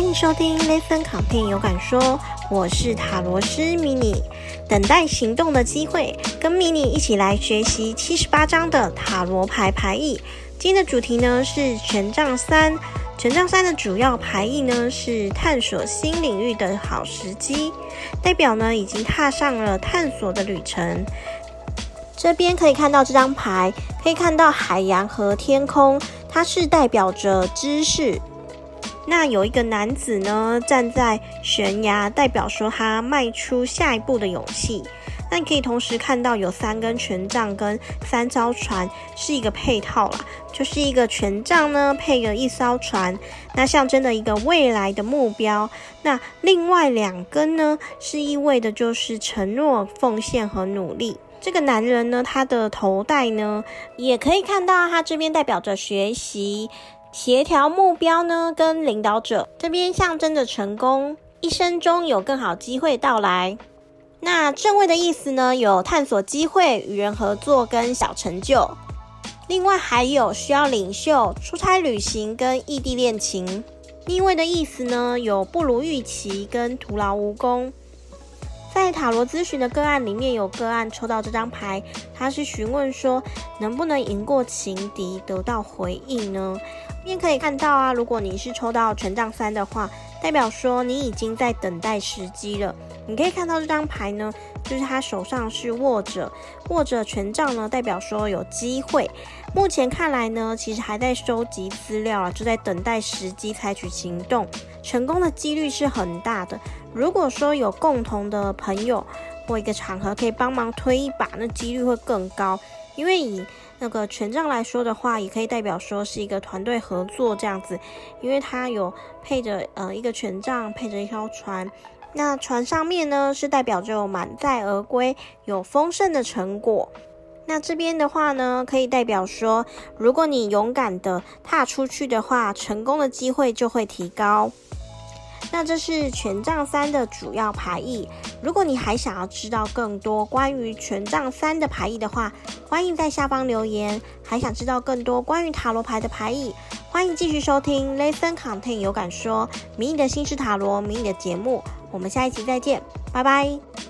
歡迎收聽《ListenContent 有感說》，我是塔羅師 mini，等待行動的機會，跟 mini 一起來學習七十八張的塔羅牌牌意。今天的主題呢是權杖三，權杖三的主要牌意呢是探索新領域的好時機，代表呢已經踏上了探索的旅程。這邊可以看到這張牌，可以看到海洋和天空，它是代表着知識。那有一個男子呢，站在懸崖，代表說他邁出下一步的勇氣。那你可以同時看到有三根權杖跟三艘船，是一個配套啦，就是一個權杖呢配了一艘船，那象徵的一個未來的目標。那另外兩根呢，是意味的就是承諾、奉獻和努力。這個男人呢，他的頭帶呢，也可以看到他這邊代表着學習。協調目標呢，跟領導者這邊象徵着成功，一生中有更好機會到來。那正位的意思呢，有探索機會、與人合作跟小成就。另外還有需要領袖出差旅行跟異地戀情。逆位的意思呢，有不如預期跟徒勞無功。在塔羅諮詢的個案裡面，有個案抽到這張牌，他是詢問說，能不能贏過情敵得到回應呢？你也可以看到啊，如果你是抽到權杖三的話，代表說你已經在等待時機了。你可以看到這張牌呢，就是他手上是握着，握着權杖呢，代表說有機會。目前看來呢，其實還在收集資料啊，就在等待時機採取行動，成功的幾率是很大的。如果說有共同的朋友或一個場合可以幫忙推一把，那幾率會更高。因為以那個權杖來說的話，也可以代表說是一個團隊合作這樣子，因為他有配着呃一個權杖，配着一條船。那船上面呢，是代表着有滿載而歸，有豐盛的成果。那這邊的話呢，可以代表說，如果你勇敢的踏出去的話，成功的機會就會提高。那這是權杖三的主要牌意。如果你還想要知道更多關於權杖三的牌意的話，歡迎在下方留言。還想知道更多關於塔羅牌的牌意，歡迎繼續收聽《Listen Content 有感說》——迷你的新式塔羅迷你的節目。我們下一期再見，拜拜。